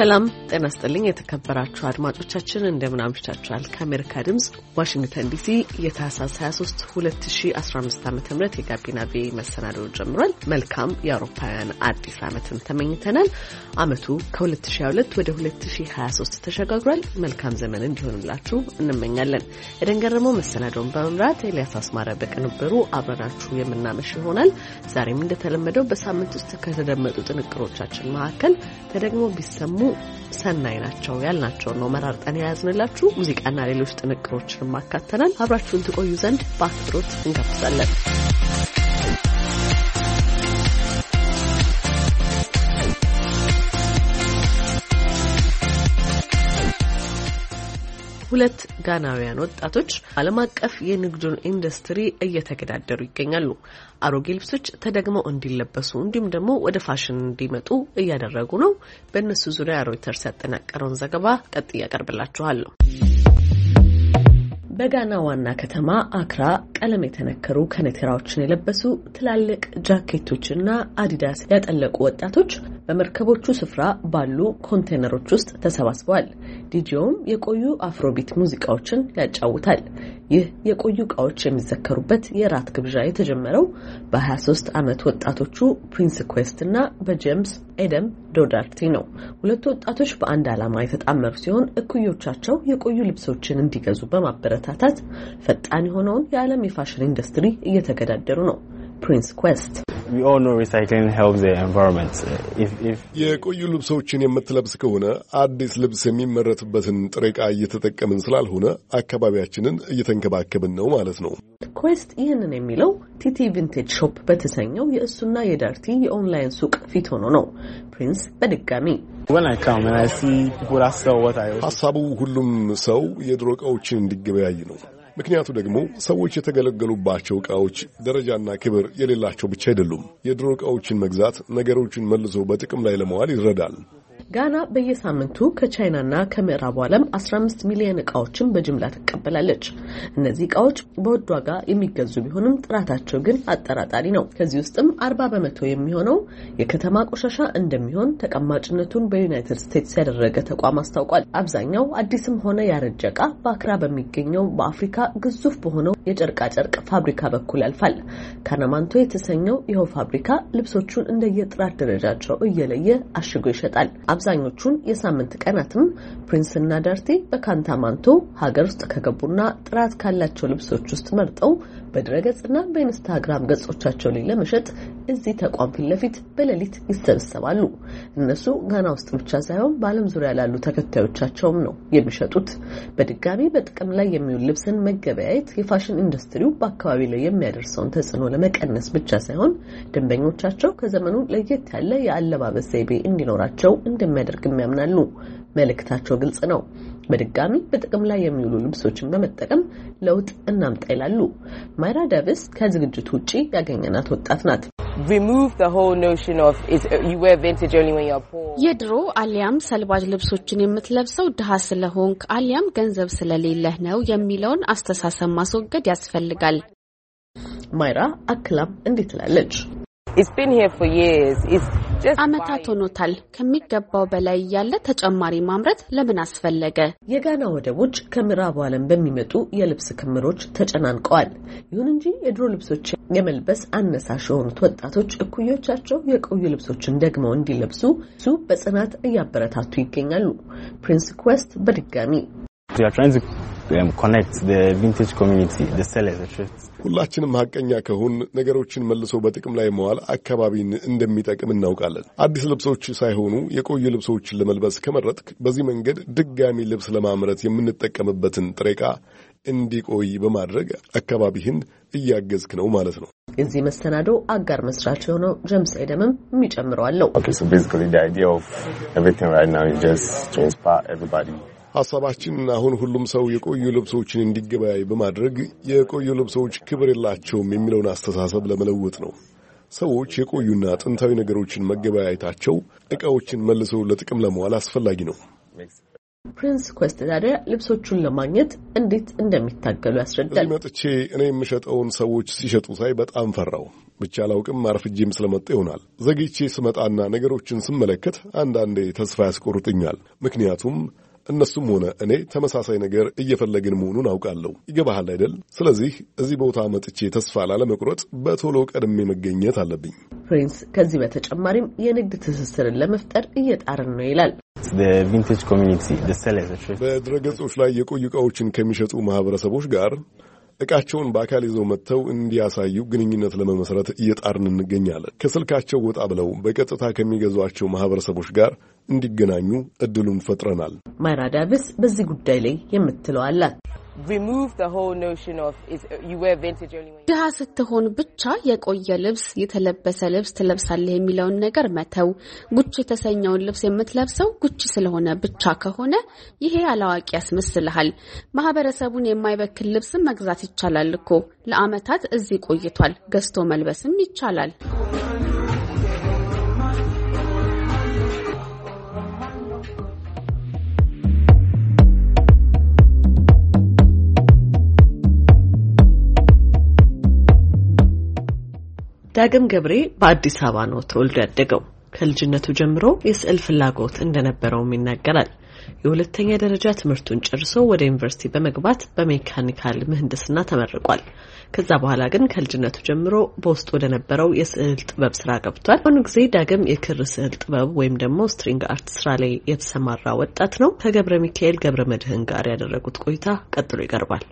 ሰላም ጤና ስጥልኝ። የተከበራችሁ አድማጮቻችን እንደምን አምሽታችኋል? ከአሜሪካ ድምጽ ዋሽንግተን ዲሲ የታህሳስ 23 2015 ዓ ም የጋቢና ቪ መሰናዶ ጀምሯል። መልካም የአውሮፓውያን አዲስ ዓመትን ተመኝተናል። አመቱ ከ2022 ወደ 2023 ተሸጋግሯል። መልካም ዘመን እንዲሆንላችሁ እንመኛለን። የደንገረመው መሰናዶውን በመምራት ኤልያስ አስማረ በቅንብሩ አብረናችሁ የምናመሽ ይሆናል። ዛሬም እንደተለመደው በሳምንት ውስጥ ከተደመጡ ጥንቅሮቻችን መካከል ተደግሞ ቢሰሙ ሰናይ ናቸው ያልናቸውን ነው መራርጠን የያዝንላችሁ። ሙዚቃና ሌሎች ጥንቅሮችንም አካተናል። አብራችሁን ትቆዩ ዘንድ በአክብሮት እንጋብዛለን። ሁለት ጋናውያን ወጣቶች ዓለም አቀፍ የንግዱን ኢንዱስትሪ እየተገዳደሩ ይገኛሉ። አሮጌ ልብሶች ተደግመው እንዲለበሱ እንዲሁም ደግሞ ወደ ፋሽን እንዲመጡ እያደረጉ ነው። በእነሱ ዙሪያ ሮይተርስ ያጠናቀረውን ዘገባ ቀጥ አቀርብላችኋለሁ። በጋና ዋና ከተማ አክራ ቀለም የተነከሩ ከነቴራዎችን የለበሱ ትላልቅ ጃኬቶችና አዲዳስ ያጠለቁ ወጣቶች በመርከቦቹ ስፍራ ባሉ ኮንቴነሮች ውስጥ ተሰባስበዋል። ዲጄውም የቆዩ አፍሮቢት ሙዚቃዎችን ያጫውታል። ይህ የቆዩ እቃዎች የሚዘከሩበት የራት ግብዣ የተጀመረው በ23 ዓመት ወጣቶቹ ፕሪንስ ኩዌስት እና በጄምስ ኤደም ዶዳርቲ ነው። ሁለቱ ወጣቶች በአንድ ዓላማ የተጣመሩ ሲሆን እኩዮቻቸው የቆዩ ልብሶችን እንዲገዙ በማበረታታት ፈጣን የሆነውን የዓለም የፋሽን ኢንዱስትሪ እየተገዳደሩ ነው። ፕሪንስ ኩዌስት የቆዩ ልብሶችን የምትለብስ ከሆነ አዲስ ልብስ የሚመረትበትን ጥሬ ዕቃ እየተጠቀምን ስላልሆነ አካባቢያችንን እየተንከባከብን ነው ማለት ነው። ኩዌስት ይህንን የሚለው ቲቲ ቪንቴጅ ሾፕ በተሰኘው የእሱና የዳርቲ የኦንላይን ሱቅ ፊት ሆኖ ነው። ፕሪንስ በድጋሚ ሀሳቡ ሁሉም ሰው የድሮ ዕቃዎችን እንዲገበያይ ነው። ምክንያቱ ደግሞ ሰዎች የተገለገሉባቸው ዕቃዎች ደረጃና ክብር የሌላቸው ብቻ አይደሉም። የድሮ ዕቃዎችን መግዛት ነገሮችን መልሶ በጥቅም ላይ ለመዋል ይረዳል። ጋና በየሳምንቱ ከቻይናና ከምዕራቡ ዓለም 15 ሚሊዮን እቃዎችን በጅምላ ትቀበላለች። እነዚህ እቃዎች በውድ ዋጋ የሚገዙ ቢሆንም ጥራታቸው ግን አጠራጣሪ ነው። ከዚህ ውስጥም 40 በመቶ የሚሆነው የከተማ ቆሻሻ እንደሚሆን ተቀማጭነቱን በዩናይትድ ስቴትስ ያደረገ ተቋም አስታውቋል። አብዛኛው አዲስም ሆነ ያረጀ እቃ በአክራ በሚገኘው በአፍሪካ ግዙፍ በሆነው የጨርቃጨርቅ ፋብሪካ በኩል ያልፋል። ካናማንቶ የተሰኘው ይኸው ፋብሪካ ልብሶቹን እንደየጥራት ደረጃቸው እየለየ አሽጎ ይሸጣል። አብዛኞቹን የሳምንት ቀናትም ፕሪንስና ዳርቴ በካንታማንቶ ሀገር ውስጥ ከገቡና ጥራት ካላቸው ልብሶች ውስጥ መርጠው በድረገጽ እና በኢንስታግራም ገጾቻቸው ላይ ለመሸጥ እዚህ ተቋም ፊት ለፊት በሌሊት ይሰበሰባሉ። እነሱ ጋና ውስጥ ብቻ ሳይሆን በዓለም ዙሪያ ላሉ ተከታዮቻቸውም ነው የሚሸጡት። በድጋሚ በጥቅም ላይ የሚውል ልብስን መገበያየት የፋሽን ኢንዱስትሪው በአካባቢ ላይ የሚያደርሰውን ተጽዕኖ ለመቀነስ ብቻ ሳይሆን ደንበኞቻቸው ከዘመኑ ለየት ያለ የአለባበስ ዘይቤ እንዲኖራቸው እንደሚያደርግ ያምናሉ። መልእክታቸው ግልጽ ነው። በድጋሚ በጥቅም ላይ የሚውሉ ልብሶችን በመጠቀም ለውጥ እናምጣ ይላሉ። ማይራ ደብስ ከዝግጅቱ ውጭ ያገኘናት ወጣት ናት። የድሮ አሊያም ሰልባጅ ልብሶችን የምትለብሰው ድሃ ስለሆንክ አሊያም ገንዘብ ስለሌለህ ነው የሚለውን አስተሳሰብ ማስወገድ ያስፈልጋል። ማይራ አክላም እንዴት ትላለች። ዓመታት ሆኖታል። ከሚገባው በላይ ያለ ተጨማሪ ማምረት ለምን አስፈለገ? የጋና ወደቦች ከምዕራቡ ዓለም በሚመጡ የልብስ ክምሮች ተጨናንቀዋል። ይሁን እንጂ የድሮ ልብሶች የመልበስ አነሳሽ የሆኑት ወጣቶች እኩዮቻቸው የቆዩ ልብሶችን ደግመው እንዲለብሱ ሱ በጽናት እያበረታቱ ይገኛሉ። ፕሪንስ ኩዌስት በድጋሚ ሁላችንም ሀቀኛ ከሆን ነገሮችን መልሶ በጥቅም ላይ መዋል አካባቢን እንደሚጠቅም እናውቃለን። አዲስ ልብሶች ሳይሆኑ የቆዩ ልብሶችን ለመልበስ ከመረጥክ በዚህ መንገድ ድጋሚ ልብስ ለማምረት የምንጠቀምበትን ጥሬ ዕቃ እንዲቆይ በማድረግ አካባቢህን እያገዝክ ነው ማለት ነው። እዚህ መሰናዶ አጋር መስራች የሆነው ጀምስ አይደምም የሚጨምረዋለው ሐሳባችን አሁን ሁሉም ሰው የቆዩ ልብሶችን እንዲገበያይ በማድረግ የቆዩ ልብሶች ክብር የላቸውም የሚለውን አስተሳሰብ ለመለወጥ ነው። ሰዎች የቆዩና ጥንታዊ ነገሮችን መገበያየታቸው ዕቃዎችን መልሶ ለጥቅም ለመዋል አስፈላጊ ነው። ፕሪንስ ኮስት ታዲያ ልብሶቹን ለማግኘት እንዴት እንደሚታገሉ ያስረዳል። መጥቼ እኔ የምሸጠውን ሰዎች ሲሸጡ ሳይ በጣም ፈራው። ብቻ ላውቅም አርፍጄም ስለመጣ ይሆናል። ዘግቼ ስመጣና ነገሮችን ስመለከት አንዳንዴ ተስፋ ያስቆርጥኛል። ምክንያቱም እነሱም ሆነ እኔ ተመሳሳይ ነገር እየፈለግን መሆኑን አውቃለሁ። ይገባሃል አይደል? ስለዚህ እዚህ ቦታ መጥቼ ተስፋ ላለመቁረጥ በቶሎ ቀድሜ መገኘት አለብኝ። ፕሪንስ ከዚህ በተጨማሪም የንግድ ትስስርን ለመፍጠር እየጣርን ነው ይላል። በድረገጾች ላይ የቆዩ ዕቃዎችን ከሚሸጡ ማህበረሰቦች ጋር እቃቸውን በአካል ይዘው መጥተው እንዲያሳዩ ግንኙነት ለመመስረት እየጣርን እንገኛለን። ከስልካቸው ወጣ ብለው በቀጥታ ከሚገዟቸው ማህበረሰቦች ጋር እንዲገናኙ እድሉን ፈጥረናል። ማይራ ዳቪስ በዚህ ጉዳይ ላይ የምትለው አላት። ድሀ ስትሆን ብቻ የቆየ ልብስ የተለበሰ ልብስ ትለብሳለህ የሚለውን ነገር መተው። ጉች የተሰኘውን ልብስ የምትለብሰው ጉቺ ስለሆነ ብቻ ከሆነ ይሄ አላዋቂ ያስመስልሃል። ማህበረሰቡን የማይበክል ልብስም መግዛት ይቻላል እኮ። ለአመታት እዚህ ቆይቷል፣ ገዝቶ መልበስም ይቻላል። ዳግም ገብሬ በአዲስ አበባ ነው ተወልዶ ያደገው። ከልጅነቱ ጀምሮ የስዕል ፍላጎት እንደነበረውም ይናገራል። የሁለተኛ ደረጃ ትምህርቱን ጨርሶ ወደ ዩኒቨርሲቲ በመግባት በሜካኒካል ምህንድስና ተመርቋል። ከዛ በኋላ ግን ከልጅነቱ ጀምሮ በውስጡ ወደ ነበረው የስዕል ጥበብ ስራ ገብቷል። አሁኑ ጊዜ ዳግም የክር ስዕል ጥበብ ወይም ደግሞ ስትሪንግ አርት ስራ ላይ የተሰማራ ወጣት ነው። ከገብረ ሚካኤል ገብረ መድህን ጋር ያደረጉት ቆይታ ቀጥሎ ይቀርባል።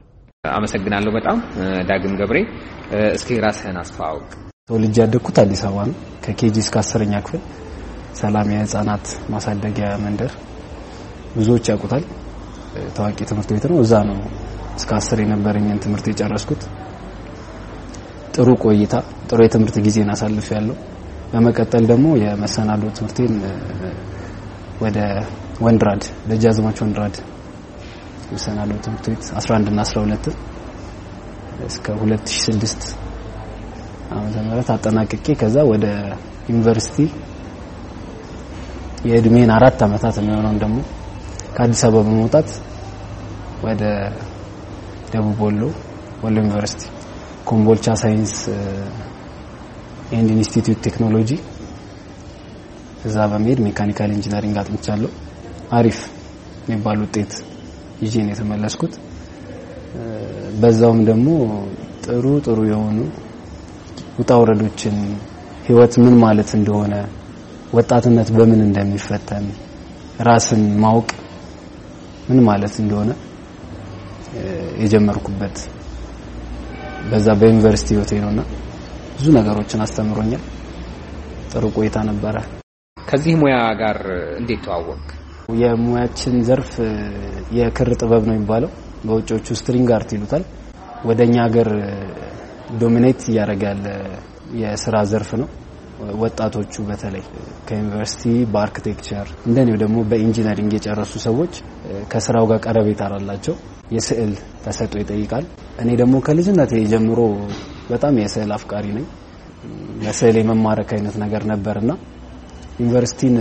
አመሰግናለሁ በጣም ዳግም ገብሬ። እስኪ ራስህን አስተዋውቅ። ተወልጄ ያደግኩት አዲስ አበባ ነው። ከኬጂ እስከ አስረኛ ክፍል ሰላም የህፃናት ማሳደጊያ መንደር ብዙዎች ያውቁታል። ታዋቂ ትምህርት ቤት ነው። እዛ ነው እስከ አስር የነበረኝን ትምህርት የጨረስኩት። ጥሩ ቆይታ፣ ጥሩ የትምህርት ጊዜን አሳልፍ ያለው በመቀጠል ደግሞ የመሰናዶ ትምህርቴን ወደ ወንድራድ ደጃዝማች ወንድራድ መሰናዶ ትምህርት ቤት 11 እና 12 እስከ 2006 ዓመተ ምህረት አጠናቅቄ ከዛ ወደ ዩኒቨርሲቲ የእድሜን አራት ዓመታት የሚሆነውን ደግሞ ከአዲስ አበባ በመውጣት ወደ ደቡብ ወሎ ወሎ ዩኒቨርሲቲ ኮምቦልቻ ሳይንስ ኤንድ ኢንስቲትዩት ቴክኖሎጂ እዛ በመሄድ ሜካኒካል ኢንጂነሪንግ አጥንቻለሁ። አሪፍ የሚባል ውጤት ይዤ ነው የተመለስኩት። በዛውም ደግሞ ጥሩ ጥሩ የሆኑ ውጣ ውረዶችን፣ ህይወት ምን ማለት እንደሆነ፣ ወጣትነት በምን እንደሚፈተን፣ ራስን ማወቅ ምን ማለት እንደሆነ የጀመርኩበት በዛ በዩኒቨርሲቲ ህይወቴ ነውና ብዙ ነገሮችን አስተምሮኛል። ጥሩ ቆይታ ነበረ። ከዚህ ሙያ ጋር እንዴት ተዋወቅ? የሙያችን ዘርፍ የክር ጥበብ ነው የሚባለው። በውጮቹ ስትሪንግ አርት ይሉታል። ወደኛ ሀገር ዶሚኔት እያደረገ ያለ የስራ ዘርፍ ነው። ወጣቶቹ በተለይ ከዩኒቨርሲቲ በአርክቴክቸር እንደኔው ደግሞ በኢንጂነሪንግ የጨረሱ ሰዎች ከስራው ጋር ቀረቤታ አላቸው። የስዕል ተሰጥኦ ይጠይቃል። እኔ ደግሞ ከልጅነት ጀምሮ በጣም የስዕል አፍቃሪ ነኝ። ለስዕል የመማረክ አይነት ነገር ነበርና ዩኒቨርሲቲን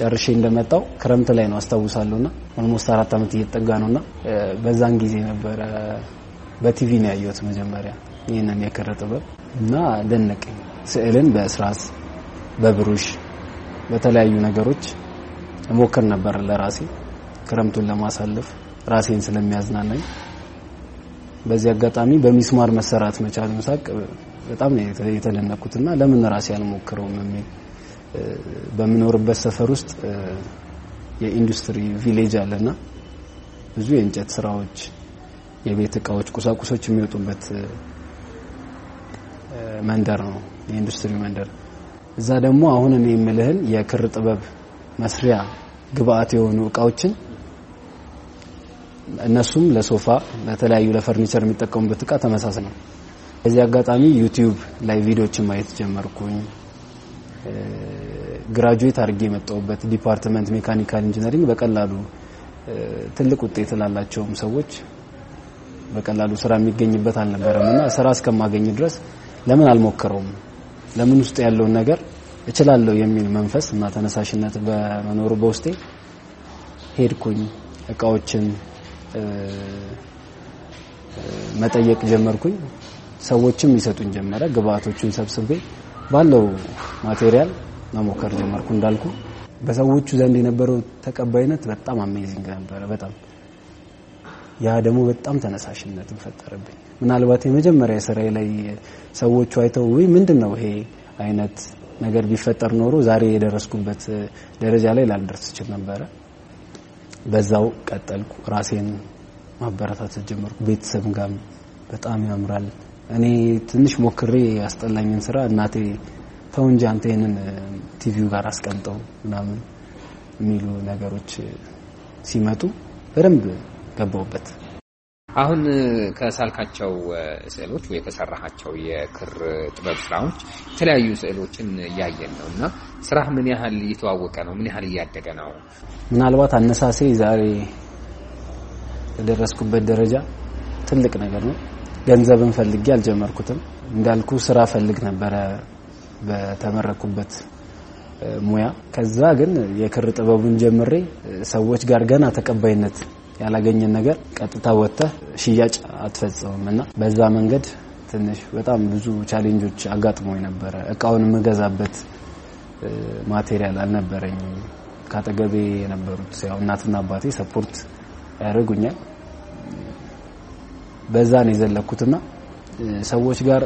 ጨርሼ እንደመጣው ክረምት ላይ ነው አስታውሳለሁና ኦልሞስት አራት ዓመት እየተጠጋ ነውና በዛን ጊዜ ነበረ በቲቪ ነው ያየሁት መጀመሪያ ይህንን የክር ጥበብ እና ደነቀኝ። ስዕልን በእስራስ በብሩሽ በተለያዩ ነገሮች እሞክር ነበር ለራሴ ክረምቱን ለማሳለፍ ራሴን ስለሚያዝናናኝ። በዚህ አጋጣሚ በሚስማር መሰራት መቻል ሳቅ በጣም የተደነቅኩትና ለምን ራሴ አልሞክረውም የሚል በምኖርበት ሰፈር ውስጥ የኢንዱስትሪ ቪሌጅ አለና ብዙ የእንጨት ስራዎች የቤት እቃዎች፣ ቁሳቁሶች የሚወጡበት መንደር ነው የኢንዱስትሪ መንደር። እዛ ደግሞ አሁን እኔ የምልህን የክር ጥበብ መስሪያ ግብአት የሆኑ እቃዎችን እነሱም ለሶፋ ለተለያዩ ለፈርኒቸር የሚጠቀሙበት እቃ ተመሳሳይ ነው። በዚህ አጋጣሚ ዩቲዩብ ላይ ቪዲዮዎችን ማየት ጀመርኩኝ። ግራጁዌት አድርጌ የመጣሁበት ዲፓርትመንት ሜካኒካል ኢንጂነሪንግ በቀላሉ ትልቅ ውጤት ላላቸውም ሰዎች በቀላሉ ስራ የሚገኝበት አልነበረም እና ስራ እስከማገኝ ድረስ ለምን አልሞክረውም፣ ለምን ውስጥ ያለውን ነገር እችላለሁ የሚል መንፈስ እና ተነሳሽነት በመኖሩ በውስጤ ሄድኩኝ። እቃዎችን መጠየቅ ጀመርኩኝ። ሰዎችም ይሰጡኝ ጀመረ። ግብአቶቹን ሰብስቤ ባለው ማቴሪያል መሞከር ጀመርኩ። እንዳልኩ በሰዎቹ ዘንድ የነበረው ተቀባይነት በጣም አሜዚንግ ነበረ በጣም ያ ደግሞ በጣም ተነሳሽነትን ፈጠረብኝ። ምናልባት የመጀመሪያ ስራዬ ላይ ሰዎቹ አይተው ውይ ምንድን ነው ይሄ አይነት ነገር ቢፈጠር ኖሮ ዛሬ የደረስኩበት ደረጃ ላይ ላልደርስ እችል ነበረ። በዛው ቀጠልኩ። ራሴን ማበረታታት ጀመርኩ። ቤተሰብ ጋር በጣም ያምራል። እኔ ትንሽ ሞክሬ ያስጠላኝን ስራ እናቴ ተው እንጂ አንተ ይህንን ቲቪው ጋር አስቀምጠው ምናምን የሚሉ ነገሮች ሲመጡ በደንብ ገባሁበት። አሁን ከሳልካቸው ስዕሎች ወይ ከሰራሃቸው የክር ጥበብ ስራዎች የተለያዩ ስዕሎችን እያየን ነው እና ስራህ ምን ያህል እየተዋወቀ ነው? ምን ያህል እያደገ ነው? ምናልባት አነሳሴ ዛሬ የደረስኩበት ደረጃ ትልቅ ነገር ነው። ገንዘብን ፈልጌ አልጀመርኩትም። እንዳልኩ ስራ ፈልግ ነበረ በተመረኩበት ሙያ። ከዛ ግን የክር ጥበቡን ጀምሬ ሰዎች ጋር ገና ተቀባይነት ያላገኘን ነገር ቀጥታ ወጥተህ ሽያጭ አትፈጽምም እና በዛ መንገድ ትንሽ በጣም ብዙ ቻሌንጆች አጋጥሞኝ ነበረ። እቃውን የምገዛበት ማቴሪያል አልነበረኝም። ካጠገቤ የነበሩት ያው እናትና አባቴ ሰፖርት ያደርጉኛል። በዛ ነው የዘለኩትና ሰዎች ጋር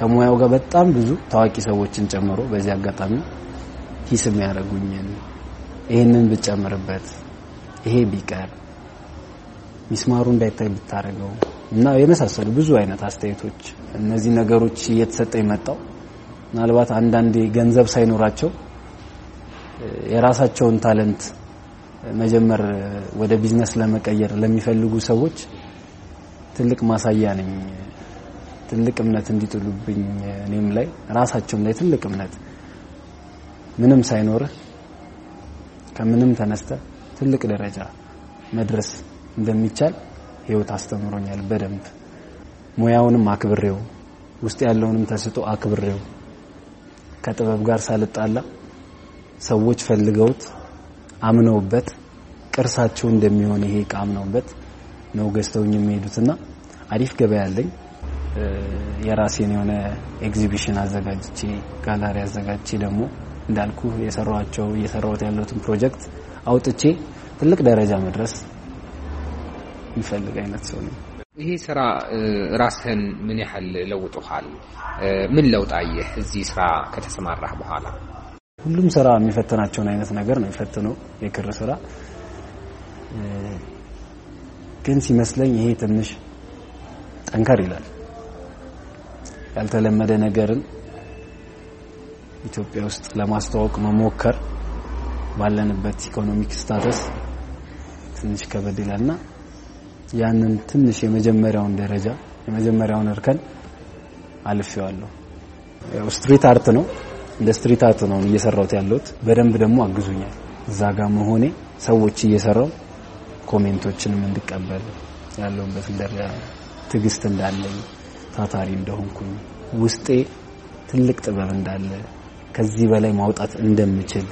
ከሙያው ጋር በጣም ብዙ ታዋቂ ሰዎችን ጨምሮ በዚህ አጋጣሚ ሂስ የሚያደርጉኝን ይህንን ብጨምርበት ይሄ ቢቀር ሚስማሩ እንዳይታይ ብታደርገው እና የመሳሰሉ ብዙ አይነት አስተያየቶች እነዚህ ነገሮች እየተሰጠ የመጣው ምናልባት አንዳንዴ ገንዘብ ሳይኖራቸው የራሳቸውን ታለንት መጀመር ወደ ቢዝነስ ለመቀየር ለሚፈልጉ ሰዎች ትልቅ ማሳያ ነኝ። ትልቅ እምነት እንዲጥሉብኝ እኔም ላይ ራሳቸውም ላይ ትልቅ እምነት ምንም ሳይኖርህ ከምንም ተነስተ ትልቅ ደረጃ መድረስ እንደሚቻል ህይወት አስተምሮኛል። በደንብ ሙያውንም አክብሬው ውስጥ ያለውንም ተስጦ አክብሬው ከጥበብ ጋር ሳልጣላ ሰዎች ፈልገውት አምነውበት ቅርሳቸው እንደሚሆን ይሄ እቃ አምነውበት ነው ገዝተውኝ የሚሄዱትና አሪፍ ገበያ አለኝ። የራሴን የሆነ ኤግዚቢሽን አዘጋጅቼ ጋላሪ አዘጋጅቼ ደግሞ እንዳልኩ የሰራኋቸው እየሰራሁት ያለሁትን ፕሮጀክት አውጥቼ ትልቅ ደረጃ መድረስ የሚፈልግ አይነት ሰው ነው። ይሄ ስራ ራስህን ምን ያህል ለውጦሃል? ምን ለውጥ አየህ እዚህ ስራ ከተሰማራህ በኋላ? ሁሉም ስራ የሚፈትናቸውን አይነት ነገር ነው የሚፈትነው። የክር ስራ ግን ሲመስለኝ ይሄ ትንሽ ጠንከር ይላል። ያልተለመደ ነገርን ኢትዮጵያ ውስጥ ለማስተዋወቅ መሞከር ባለንበት ኢኮኖሚክ ስታተስ ትንሽ ከበድ ይላልና ያንን ትንሽ የመጀመሪያውን ደረጃ የመጀመሪያውን እርከን አልፌዋለሁ። ያው ስትሪት አርት ነው፣ እንደ ስትሪት አርት ነው እየሰራሁት ያለሁት። በደንብ ደግሞ አግዙኛል እዛ ጋር መሆኔ ሰዎች እየሰራው ኮሜንቶችንም እንድቀበል ያለውበት ደረጃ ትዕግስት እንዳለኝ ታታሪ እንደሆንኩኝ ውስጤ ትልቅ ጥበብ እንዳለ ከዚህ በላይ ማውጣት እንደምችል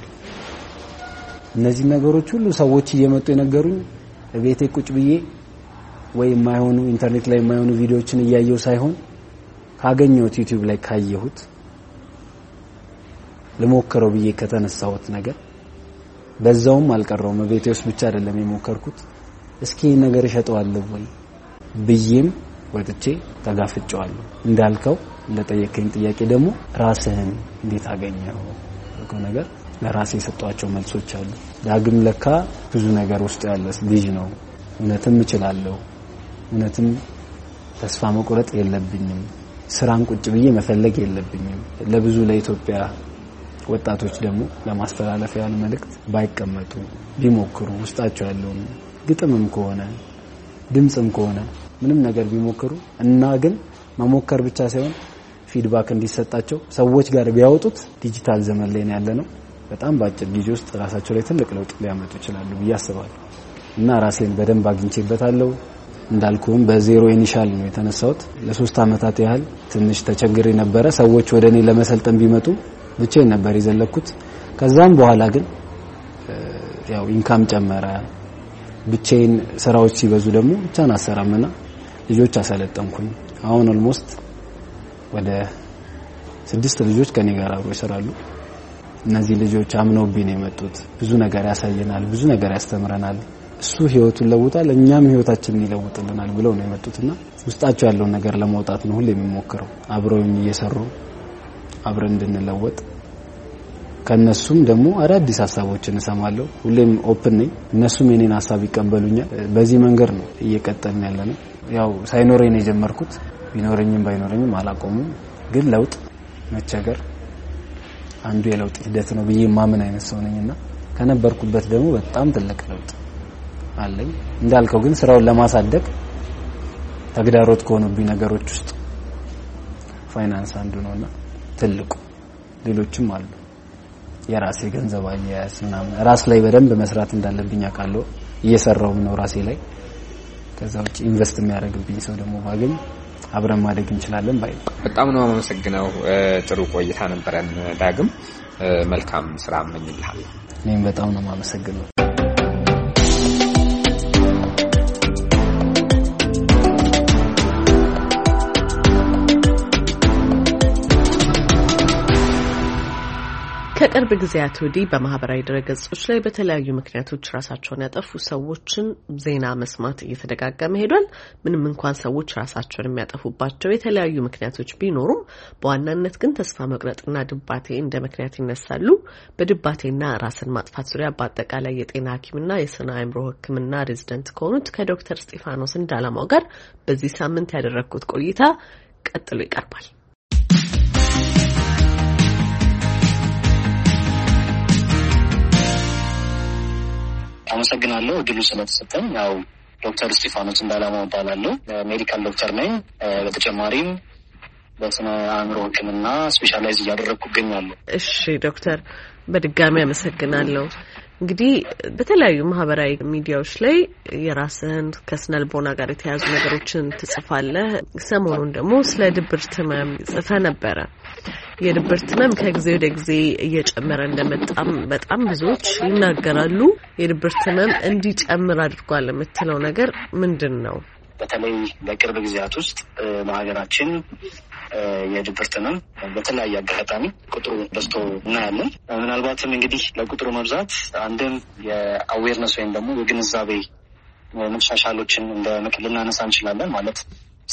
እነዚህ ነገሮች ሁሉ ሰዎች እየመጡ የነገሩኝ ቤቴ ቁጭ ብዬ ወይ የማይሆኑ ኢንተርኔት ላይ የማይሆኑ ቪዲዮዎችን እያየው ሳይሆን ካገኘሁት ዩቲዩብ ላይ ካየሁት ልሞክረው ብዬ ከተነሳሁት ነገር በዛውም አልቀረውም። ቤቴ ውስጥ ብቻ አይደለም የሞከርኩት። እስኪ ነገር እሸጠዋለሁ ወይ ብዬም ወጥቼ ተጋፍጨዋለሁ። እንዳልከው ለጠየከኝ ጥያቄ ደግሞ ራስህን እንዴት አገኘው ነገር ለራሴ የሰጧቸው መልሶች አሉ። ዳግም ለካ ብዙ ነገር ውስጥ ያለ ልጅ ነው። እውነትም እችላለሁ፣ እውነትም ተስፋ መቁረጥ የለብኝም፣ ስራን ቁጭ ብዬ መፈለግ የለብኝም። ለብዙ ለኢትዮጵያ ወጣቶች ደግሞ ለማስተላለፍ ያህል መልእክት ባይቀመጡ ቢሞክሩ ውስጣቸው ያለውን ግጥምም ከሆነ ድምፅም ከሆነ ምንም ነገር ቢሞክሩ እና ግን መሞከር ብቻ ሳይሆን ፊድባክ እንዲሰጣቸው ሰዎች ጋር ቢያወጡት ዲጂታል ዘመን ላይ ያለ ነው። በጣም በአጭር ጊዜ ውስጥ ራሳቸው ላይ ትልቅ ለውጥ ሊያመጡ ይችላሉ ብዬ አስባለሁ እና ራሴን በደንብ አግኝቼበታለሁ። እንዳልኩም በዜሮ ኢኒሻል ነው የተነሳሁት። ለሶስት ዓመታት ያህል ትንሽ ተቸግሬ ነበረ። ሰዎች ወደ እኔ ለመሰልጠን ቢመጡ ብቻዬን ነበር የዘለኩት። ከዛም በኋላ ግን ያው ኢንካም ጨመረ። ብቻዬን ስራዎች ሲበዙ ደግሞ ብቻን አሰራምና ልጆች አሰለጠንኩኝ። አሁን ኦልሞስት ወደ ስድስት ልጆች ከኔ ጋር አብሮ ይሰራሉ። እነዚህ ልጆች አምነውብኝ ነው የመጡት። ብዙ ነገር ያሳየናል፣ ብዙ ነገር ያስተምረናል። እሱ ህይወቱን ለውጣል፣ እኛም ህይወታችንን ይለውጥልናል ብለው ነው የመጡትና ውስጣቸው ያለውን ነገር ለማውጣት ነው ሁሌ የሚሞክረው። አብረውኝ እየሰሩ አብረን እንድንለወጥ ከነሱም ደግሞ አዳዲስ ሀሳቦችን እሰማለሁ። ሁሌም ኦፕን ነኝ። እነሱም የኔን ሀሳብ ይቀበሉኛል። በዚህ መንገድ ነው እየቀጠልን ያለ ነው። ያው ሳይኖረኝ ነው የጀመርኩት። ቢኖረኝም ባይኖረኝም አላቆሙም። ግን ለውጥ መቸገር አንዱ የለውጥ ሂደት ነው ብዬ ማመን አይነት ሰው ነኝና ከነበርኩበት ደግሞ በጣም ትልቅ ለውጥ አለኝ። እንዳልከው ግን ስራውን ለማሳደግ ተግዳሮት ከሆኑብኝ ነገሮች ውስጥ ፋይናንስ አንዱ ነውና ትልቁ፣ ሌሎችም አሉ። የራሴ ገንዘብ አያያዝ ምናምን ራስ ላይ በደንብ መስራት እንዳለብኝ አውቃለሁ። እየሰራውም ነው ራሴ ላይ። ከዛ ውጭ ኢንቨስት የሚያደርግብኝ ሰው ደግሞ ባገኝ አብረን ማደግ እንችላለን ባይ በጣም ነው አመሰግነው። ጥሩ ቆይታ ነበረን። ዳግም መልካም ስራ እመኝልሃለሁ። እኔም በጣም ነው የማመሰግነው። ከቅርብ ጊዜያት ወዲህ በማህበራዊ ድረገጾች ላይ በተለያዩ ምክንያቶች ራሳቸውን ያጠፉ ሰዎችን ዜና መስማት እየተደጋገመ ሄዷል። ምንም እንኳን ሰዎች ራሳቸውን የሚያጠፉባቸው የተለያዩ ምክንያቶች ቢኖሩም በዋናነት ግን ተስፋ መቁረጥና ድባቴ እንደ ምክንያት ይነሳሉ። በድባቴና ራስን ማጥፋት ዙሪያ በአጠቃላይ የጤና ሐኪምና የስነ አእምሮ ሕክምና ሬዚደንት ከሆኑት ከዶክተር ስጢፋኖስ እንዳላማው ጋር በዚህ ሳምንት ያደረግኩት ቆይታ ቀጥሎ ይቀርባል። አመሰግናለሁ እድሉ ስለተሰጠኝ። ያው ዶክተር እስጢፋኖስ እንዳላማው እባላለሁ። ሜዲካል ዶክተር ነኝ። በተጨማሪም በስነ አእምሮ ሕክምና ስፔሻላይዝ እያደረግኩ እገኛለሁ። እሺ ዶክተር በድጋሚ አመሰግናለሁ። እንግዲህ በተለያዩ ማህበራዊ ሚዲያዎች ላይ የራስህን ከስነልቦና ጋር የተያዙ ነገሮችን ትጽፋለህ። ሰሞኑን ደግሞ ስለ ድብርት ህመም ጽፈ ነበረ። የድብርት ህመም ከጊዜ ወደ ጊዜ እየጨመረ እንደመጣም በጣም ብዙዎች ይናገራሉ። የድብርት ህመም እንዲጨምር አድርጓል የምትለው ነገር ምንድን ነው? በተለይ በቅርብ ጊዜያት ውስጥ በሀገራችን የድብርት ህመም በተለያየ አጋጣሚ ቁጥሩ በዝቶ እናያለን። ምናልባትም እንግዲህ ለቁጥሩ መብዛት አንድም የአዌርነስ ወይም ደግሞ የግንዛቤ መሻሻሎችን እንደ ምክር ልናነሳ እንችላለን ማለት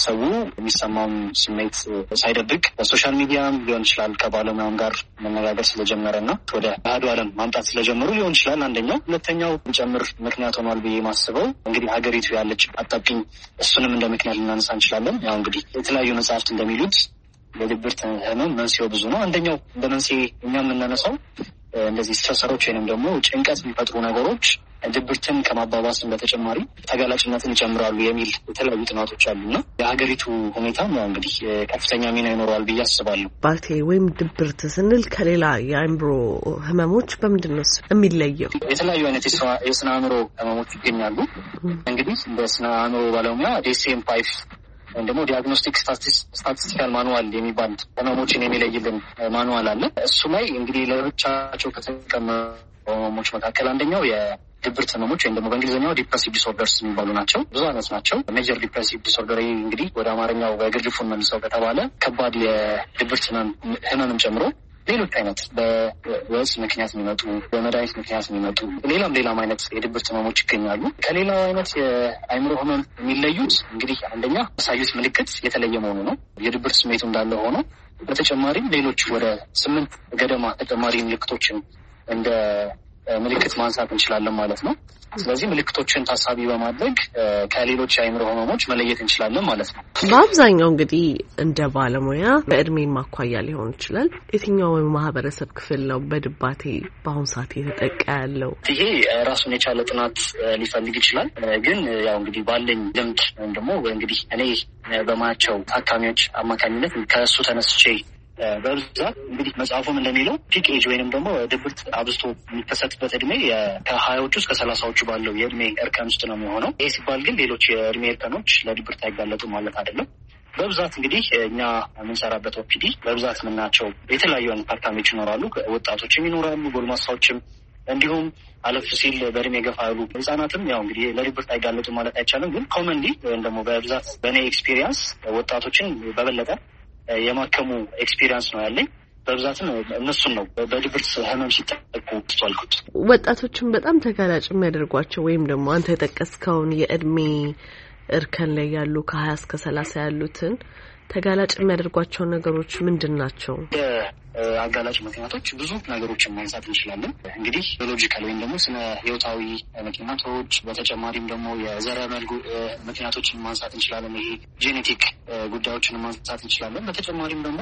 ሰው የሚሰማውን ስሜት ሳይደብቅ በሶሻል ሚዲያም ሊሆን ይችላል ከባለሙያም ጋር መነጋገር ስለጀመረ እና ወደ ባህዱ ዓለም ማምጣት ስለጀመሩ ሊሆን ይችላል አንደኛው። ሁለተኛው ጨምር ምክንያት ሆኗል ብዬ ማስበው እንግዲህ ሀገሪቱ ያለች አጣብቂኝ፣ እሱንም እንደ ምክንያት ልናነሳ እንችላለን። ያው እንግዲህ የተለያዩ መጽሐፍት እንደሚሉት የድብርት ህመም መንስኤው ብዙ ነው። አንደኛው እንደ መንስኤ እኛ የምናነሳው እንደዚህ ስትረሰሮች ወይንም ደግሞ ጭንቀት የሚፈጥሩ ነገሮች ድብርትን ከማባባስን በተጨማሪ ተጋላጭነትን ይጨምራሉ የሚል የተለያዩ ጥናቶች እና የሀገሪቱ ሁኔታም ያው እንግዲህ ከፍተኛ ሚና ይኖረዋል ብዬ አስባለሁ። ባልቴ ወይም ድብርት ስንል ከሌላ የአእምሮ ህመሞች በምንድን ነው የሚለየው? የተለያዩ አይነት የስነ አእምሮ ህመሞች ይገኛሉ። እንግዲህ በስነ አእምሮ ባለሙያ ዴሴም ፋይቭ ወይም ደግሞ ዲያግኖስቲክ ስታቲስቲካል ማኑዋል የሚባል ህመሞችን የሚለይልን ማኑዋል አለ። እሱ ላይ እንግዲህ ለብቻቸው ከተቀመጡ ህመሞች መካከል አንደኛው የድብርት ህመሞች ወይም ደግሞ በእንግሊዝኛው ዲፕሬሲቭ ዲስኦርደርስ የሚባሉ ናቸው። ብዙ አይነት ናቸው። ሜጀር ዲፕሬሲቭ ዲስኦርደር እንግዲህ ወደ አማርኛው በግርድፉን መልሰው ከተባለ ከባድ የድብርት ህመምም ጨምሮ ሌሎች አይነት በወስ ምክንያት የሚመጡ በመድኃኒት ምክንያት የሚመጡ ሌላም ሌላም አይነት የድብርት ህመሞች ይገኛሉ። ከሌላው አይነት የአይምሮ ህመም የሚለዩት እንግዲህ አንደኛ ያሳዩት ምልክት የተለየ መሆኑ ነው። የድብርት ስሜቱ እንዳለ ሆኖ በተጨማሪም ሌሎች ወደ ስምንት ገደማ ተጨማሪ ምልክቶችን እንደ ምልክት ማንሳት እንችላለን ማለት ነው። ስለዚህ ምልክቶችን ታሳቢ በማድረግ ከሌሎች የአይምሮ ህመሞች መለየት እንችላለን ማለት ነው። በአብዛኛው እንግዲህ እንደ ባለሙያ በእድሜ ማኳያ ሊሆን ይችላል። የትኛው ማህበረሰብ ክፍል ነው በድባቴ በአሁኑ ሰዓት እየተጠቃ ያለው? ይሄ ራሱን የቻለ ጥናት ሊፈልግ ይችላል። ግን ያው እንግዲህ ባለኝ ልምድ ወይም ደግሞ እንግዲህ እኔ በማያቸው ታካሚዎች አማካኝነት ከእሱ ተነስቼ በብዛት እንግዲህ መጽሐፉም እንደሚለው ፒክ ኤጅ ወይንም ደግሞ ድብርት አብዝቶ የሚከሰትበት እድሜ ከሀያዎቹ እስከ ሰላሳዎቹ ባለው የእድሜ እርከን ውስጥ ነው የሚሆነው። ይህ ሲባል ግን ሌሎች የእድሜ እርከኖች ለድብርት አይጋለጡ ማለት አይደለም። በብዛት እንግዲህ እኛ የምንሰራበት ኦፒዲ በብዛት የምናቸው የተለያዩ አይነት ፓርታሚዎች ይኖራሉ። ወጣቶችም ይኖራሉ፣ ጎልማሳዎችም እንዲሁም አለፍ ሲል በእድሜ የገፋ ያሉ ህጻናትም ያው እንግዲህ ለድብርት አይጋለጡ ማለት አይቻልም። ግን ኮመንሊ ወይም ደግሞ በብዛት በእኔ ኤክስፒሪየንስ ወጣቶችን በበለጠ የማከሙ ኤክስፒሪንስ ነው ያለኝ። በብዛትም እነሱን ነው በድብርት ህመም ሲጠቁ ስቷልኩት ወጣቶችን በጣም ተጋላጭ የሚያደርጓቸው ወይም ደግሞ አንተ የጠቀስከውን የእድሜ እርከን ላይ ያሉ ከሀያ እስከ ሰላሳ ያሉትን ተጋላጭ የሚያደርጓቸው ነገሮች ምንድን ናቸው? አጋላጭ ምክንያቶች ብዙ ነገሮችን ማንሳት እንችላለን። እንግዲህ ሎጂካል ወይም ደግሞ ስነ ህይወታዊ ምክንያቶች፣ በተጨማሪም ደግሞ የዘረመል ምክንያቶችን ማንሳት እንችላለን። ይሄ ጄኔቲክ ጉዳዮችን ማንሳት እንችላለን። በተጨማሪም ደግሞ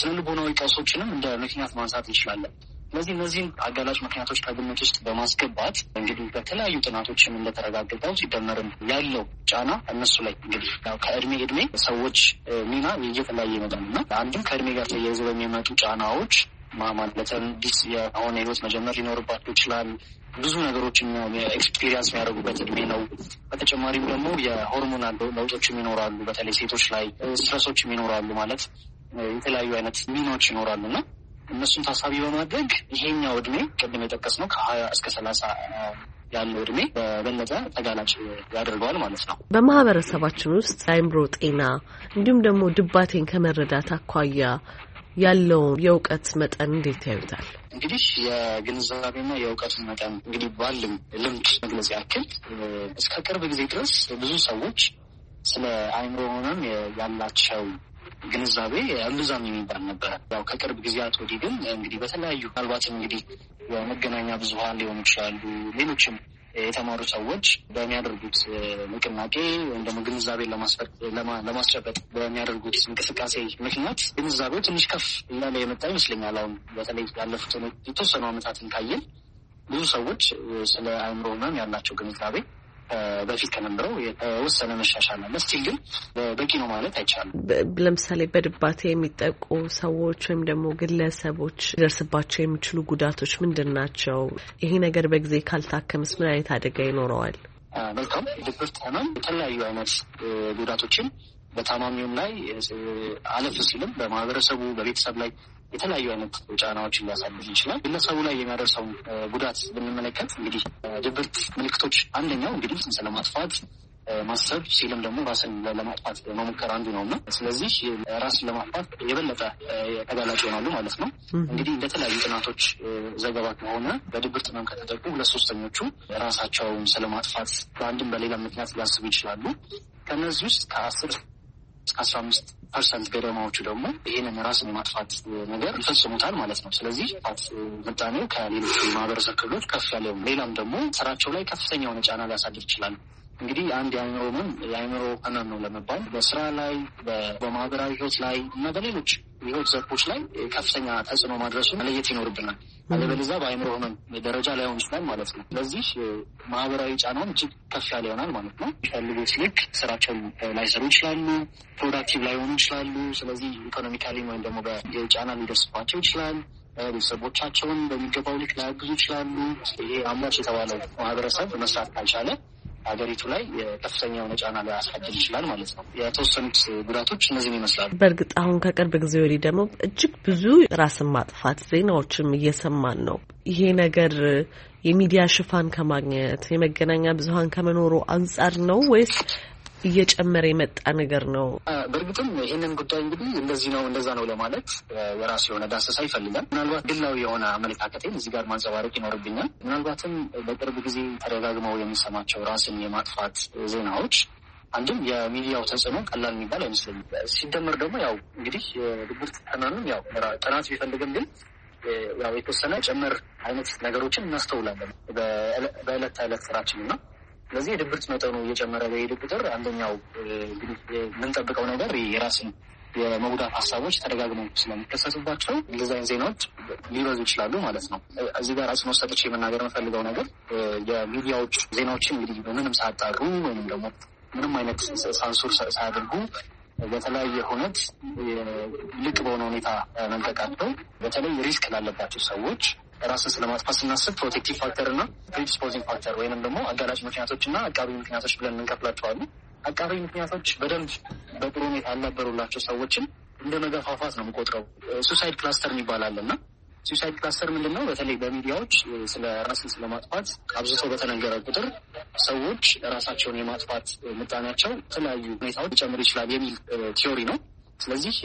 ስነ ልቦናዊ ቀውሶችንም እንደ ምክንያት ማንሳት እንችላለን። ስለዚህ እነዚህም አጋላጭ ምክንያቶች ከግምት ውስጥ በማስገባት እንግዲህ በተለያዩ ጥናቶችም እንደተረጋገጠው ሲደመርም ያለው ጫና እነሱ ላይ እንግዲህ ከእድሜ እድሜ ሰዎች ሚና እየተለያየ ይመጣል እና አንድም ከእድሜ ጋር ተያይዞ በሚመጡ ጫናዎች ማለትም ዲስ የአሁን ህይወት መጀመር ሊኖርባቸው ይችላል። ብዙ ነገሮች ኤክስፒሪንስ የሚያደርጉበት እድሜ ነው። በተጨማሪም ደግሞ የሆርሞናል ለውጦችም ይኖራሉ። በተለይ ሴቶች ላይ ስትረሶችም ይኖራሉ። ማለት የተለያዩ አይነት ሚናዎች ይኖራሉ እና እነሱን ታሳቢ በማድረግ ይሄኛው እድሜ ቅድም የጠቀስ ነው ከሀያ እስከ ሰላሳ ያለው እድሜ በበለጠ ተጋላጭ ያደርገዋል ማለት ነው። በማህበረሰባችን ውስጥ አይምሮ ጤና እንዲሁም ደግሞ ድባቴን ከመረዳት አኳያ ያለውን የእውቀት መጠን እንዴት ያዩታል? እንግዲህ የግንዛቤና የእውቀት መጠን እንግዲህ ባልም ልምድ መግለጽ ያክል እስከ ቅርብ ጊዜ ድረስ ብዙ ሰዎች ስለ አይምሮ ሆነም ያላቸው ግንዛቤ እምብዛም የሚባል ነበረ። ያው ከቅርብ ጊዜያት ወዲህ ግን እንግዲህ በተለያዩ ምናልባትም እንግዲህ የመገናኛ ብዙኃን ሊሆኑ ይችላሉ ሌሎችም የተማሩ ሰዎች በሚያደርጉት ንቅናቄ ወይም ደግሞ ግንዛቤ ለማስጨበጥ በሚያደርጉት እንቅስቃሴ ምክንያት ግንዛቤው ትንሽ ከፍ እያለ የመጣ ይመስለኛል። አሁን በተለይ ያለፉት የተወሰኑ ዓመታትን ካየን ብዙ ሰዎች ስለ አእምሮ ህመም ያላቸው ግንዛቤ በፊት ከነበረው የተወሰነ መሻሻል አለ። ስቲል ግን በቂ ነው ማለት አይቻልም። ለምሳሌ በድባቴ የሚጠቁ ሰዎች ወይም ደግሞ ግለሰቦች ሊደርስባቸው የሚችሉ ጉዳቶች ምንድን ናቸው? ይሄ ነገር በጊዜ ካልታከምስ ምን አይነት አደጋ ይኖረዋል? መልካም ድብርት ህመም የተለያዩ አይነት ጉዳቶችን በታማሚውም ላይ አለፍ ሲልም በማህበረሰቡ በቤተሰብ ላይ የተለያዩ አይነት ጫናዎችን ሊያሳልፍ ይችላል። ግለሰቡ ላይ የሚያደርሰው ጉዳት ብንመለከት እንግዲህ ድብርት ምልክቶች አንደኛው እንግዲህ ራስን ለማጥፋት ማሰብ ሲልም ደግሞ ራስን ለማጥፋት መሞከር አንዱ ነው እና ስለዚህ ራስን ለማጥፋት የበለጠ ተጋላጭ ይሆናሉ ማለት ነው። እንግዲህ እንደተለያዩ ጥናቶች ዘገባ ከሆነ በድብርት ህመም ከተጠቁ ሁለት ሶስተኞቹ ራሳቸውን ስለማጥፋት በአንድም በሌላ ምክንያት ሊያስቡ ይችላሉ። ከነዚህ ውስጥ ከአስር አስራ አምስት ፐርሰንት ገደማዎቹ ደግሞ ይህንን ራስን የማጥፋት ነገር ይፈጽሙታል ማለት ነው። ስለዚህ ፋት ምጣኔው ከሌሎች ማህበረሰብ ክፍሎች ከፍ ያለ ሌላም ደግሞ ስራቸው ላይ ከፍተኛ የሆነ ጫና ሊያሳድር ይችላል። እንግዲህ አንድ የአእምሮ ህመም የአእምሮ ህመም ነው ለመባል በስራ ላይ በማህበራዊ ህይወት ላይ እና በሌሎች የህይወት ዘርፎች ላይ ከፍተኛ ተጽዕኖ ማድረሱ መለየት ይኖርብናል። አለበለዚያ በአእምሮ ህመም ደረጃ ላይሆን ይችላል ማለት ነው። ስለዚህ ማህበራዊ ጫናውን እጅግ ከፍ ያለ ይሆናል ማለት ነው። ፈልጎት ልክ ስራቸውን ላይሰሩ ይችላሉ፣ ፕሮዳክቲቭ ላይሆኑ ይችላሉ። ስለዚህ ኢኮኖሚካሊ ወይም ደግሞ በጫና ሊደርስባቸው ይችላል። ቤተሰቦቻቸውን በሚገባው ልክ ላያግዙ ይችላሉ። ይሄ አምራች የተባለው ማህበረሰብ መስራት ካልቻለ ሀገሪቱ ላይ ከፍተኛ የሆነ ጫና ሊያሳድር ይችላል ማለት ነው። የተወሰኑት ጉዳቶች እነዚህም ይመስላሉ። በእርግጥ አሁን ከቅርብ ጊዜ ወዲህ ደግሞ እጅግ ብዙ ራስን ማጥፋት ዜናዎችም እየሰማን ነው። ይሄ ነገር የሚዲያ ሽፋን ከማግኘት የመገናኛ ብዙኃን ከመኖሩ አንጻር ነው ወይስ እየጨመረ የመጣ ነገር ነው። በእርግጥም ይህንን ጉዳይ እንግዲህ እንደዚህ ነው እንደዛ ነው ለማለት የራሱ የሆነ ዳሰሳ ይፈልጋል። ምናልባት ግላዊ የሆነ አመለካከቴን እዚህ ጋር ማንጸባረቅ ይኖርብኛል። ምናልባትም በቅርብ ጊዜ ተደጋግመው የሚሰማቸው ራስን የማጥፋት ዜናዎች አንድም የሚዲያው ተጽዕኖ ቀላል የሚባል አይመስለኝም። ሲደመር ደግሞ ያው እንግዲህ የድብርት ጠናንም ያው ጥናት ቢፈልግም ግን ያው የተወሰነ ጨምር አይነት ነገሮችን እናስተውላለን በዕለት ተዕለት ስራችን እና ስለዚህ የድብርት መጠኑ እየጨመረ በሄደ ቁጥር አንደኛው የምንጠብቀው ነገር የራስን የመጉዳት ሀሳቦች ተደጋግመው ስለሚከሰቱባቸው ዲዛይን ዜናዎች ሊበዙ ይችላሉ ማለት ነው። እዚህ ጋር አጽንኦት ሰጥቼ የመናገር የምፈልገው ነገር የሚዲያዎች ዜናዎችን እንግዲህ በምንም ሳያጣሩ ወይም ደግሞ ምንም አይነት ሳንሱር ሳያደርጉ በተለያየ ሁነት ልቅ በሆነ ሁኔታ መልቀቃቸው በተለይ ሪስክ ላለባቸው ሰዎች ራስን ስለማጥፋት ስናስብ ፕሮቴክቲቭ ፋክተር እና ፕሪዲስፖዚንግ ፋክተር ወይንም ደግሞ አጋላጭ ምክንያቶች እና አቃቢ ምክንያቶች ብለን እንከፍላቸዋለን። አቃቢ ምክንያቶች በደንብ በጥሩ ሁኔታ ያልነበሩላቸው ሰዎችን እንደ መገፋፋት ነው የምቆጥረው። ሱሳይድ ክላስተር ይባላል እና ሱሳይድ ክላስተር ምንድን ነው? በተለይ በሚዲያዎች ስለ ራስን ስለማጥፋት አብዝተው በተነገረ ቁጥር ሰዎች ራሳቸውን የማጥፋት ምጣኔያቸው የተለያዩ ሁኔታዎች ሊጨምር ይችላል የሚል ቲዮሪ ነው። ስለዚህ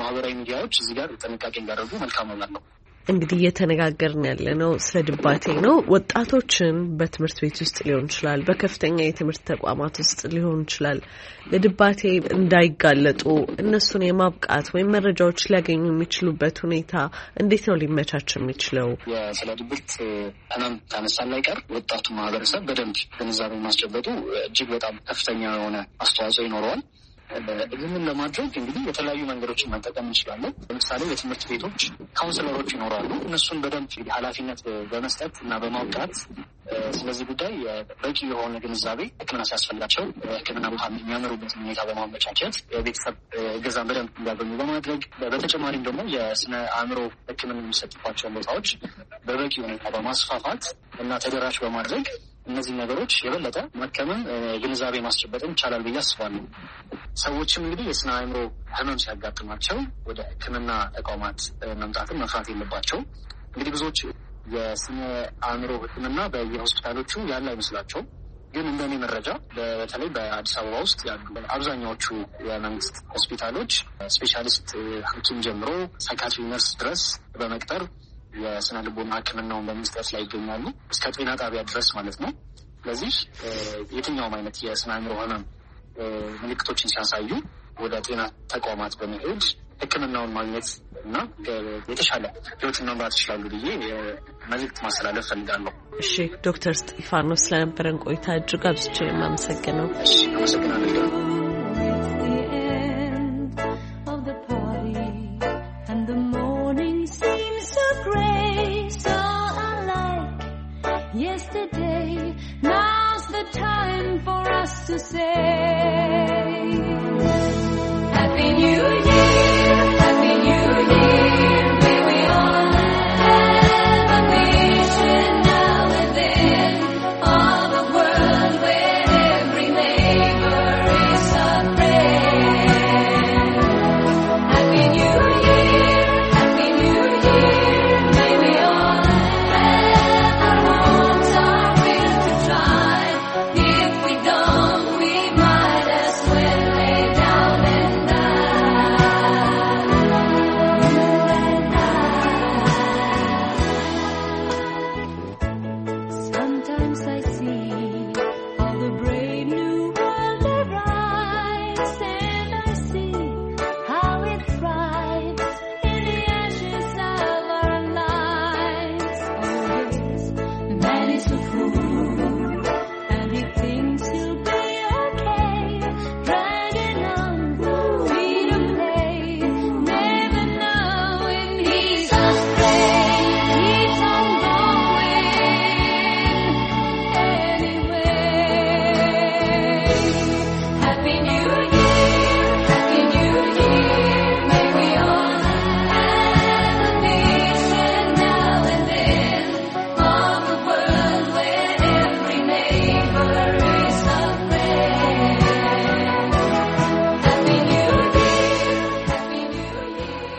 ማህበራዊ ሚዲያዎች እዚህ ጋር ጥንቃቄ እንዲያደርጉ መልካም ነው። እንግዲህ እየተነጋገርን ያለ ነው ስለ ድባቴ ነው። ወጣቶችን በትምህርት ቤት ውስጥ ሊሆን ይችላል፣ በከፍተኛ የትምህርት ተቋማት ውስጥ ሊሆን ይችላል። ለድባቴ እንዳይጋለጡ እነሱን የማብቃት ወይም መረጃዎች ሊያገኙ የሚችሉበት ሁኔታ እንዴት ነው ሊመቻች የሚችለው? ስለ ድብርት ህመም ካነሳን ላይቀር ወጣቱ ማህበረሰብ በደንብ ግንዛቤ ማስጨበጡ እጅግ በጣም ከፍተኛ የሆነ አስተዋጽኦ ይኖረዋል። ይህንን ለማድረግ እንግዲህ የተለያዩ መንገዶችን መጠቀም እንችላለን። ለምሳሌ የትምህርት ቤቶች ካውንስለሮች ይኖራሉ። እነሱን በደንብ ኃላፊነት በመስጠት እና በማውጣት ስለዚህ ጉዳይ በቂ የሆነ ግንዛቤ ሕክምና ሲያስፈልጋቸው ሕክምና ቦታ የሚያምሩበትን ሁኔታ በማመቻቸት የቤተሰብ እገዛ በደንብ እንዲያገኙ በማድረግ በተጨማሪም ደግሞ የስነ አእምሮ ሕክምና የሚሰጥባቸውን ቦታዎች በበቂ ሁኔታ በማስፋፋት እና ተደራሽ በማድረግ እነዚህ ነገሮች የበለጠ ማከምን ግንዛቤ ማስጨበጥም ይቻላል ብዬ አስባለሁ። ሰዎችም እንግዲህ የስነ አእምሮ ህመም ሲያጋጥማቸው ወደ ሕክምና ተቋማት መምጣትን መፍራት የለባቸው። እንግዲህ ብዙዎች የስነ አእምሮ ሕክምና በየሆስፒታሎቹ ያለ አይመስላቸው ግን እንደኔ መረጃ በተለይ በአዲስ አበባ ውስጥ ያሉ አብዛኛዎቹ የመንግስት ሆስፒታሎች ስፔሻሊስት ሐኪም ጀምሮ ሳይካትሪ ነርስ ድረስ በመቅጠር የስነ ልቦና ሕክምናውን በመስጠት ላይ ይገኛሉ እስከ ጤና ጣቢያ ድረስ ማለት ነው። ስለዚህ የትኛውም አይነት የስነ አእምሮ ህመም ምልክቶችን ሲያሳዩ ወደ ጤና ተቋማት በመሄድ ሕክምናውን ማግኘት እና የተሻለ ህይወትን መምራት ይችላሉ ብዬ መልእክት ማስተላለፍ ፈልጋለሁ። እሺ ዶክተር እስጢፋኖስ ስለነበረን ቆይታ እጅግ አብዝቼ የማመሰግነው። እሺ አመሰግናለሁ። time for us to say Happy New Year.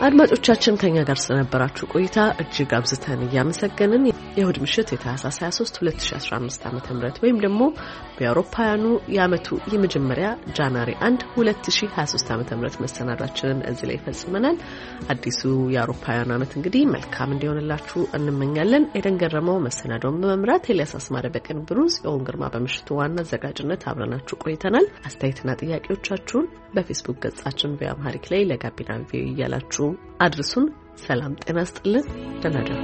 አድማጮቻችን ከኛ ጋር ስለነበራችሁ ቆይታ እጅግ አብዝተን እያመሰገንን የእሁድ ምሽት የታህሳስ 23 2015 ዓ ም ወይም ደግሞ በአውሮፓውያኑ የአመቱ የመጀመሪያ ጃንዋሪ 1 2023 ዓ ም መሰናዷችንን እዚህ ላይ ይፈጽመናል። አዲሱ የአውሮፓውያኑ አመት እንግዲህ መልካም እንዲሆንላችሁ እንመኛለን። ኤደን ገረመው መሰናዶውን በመምራት ኤልያስ አስማረ በቅንብሩ፣ ጽዮን ግርማ በምሽቱ ዋና አዘጋጅነት አብረናችሁ ቆይተናል። አስተያየትና ጥያቄዎቻችሁን በፌስቡክ ገጻችን በአምሃሪክ ላይ ለጋቢና ቪዮ እያላችሁ አድርሱን። ሰላም ጤና ስጥልን። ደናደር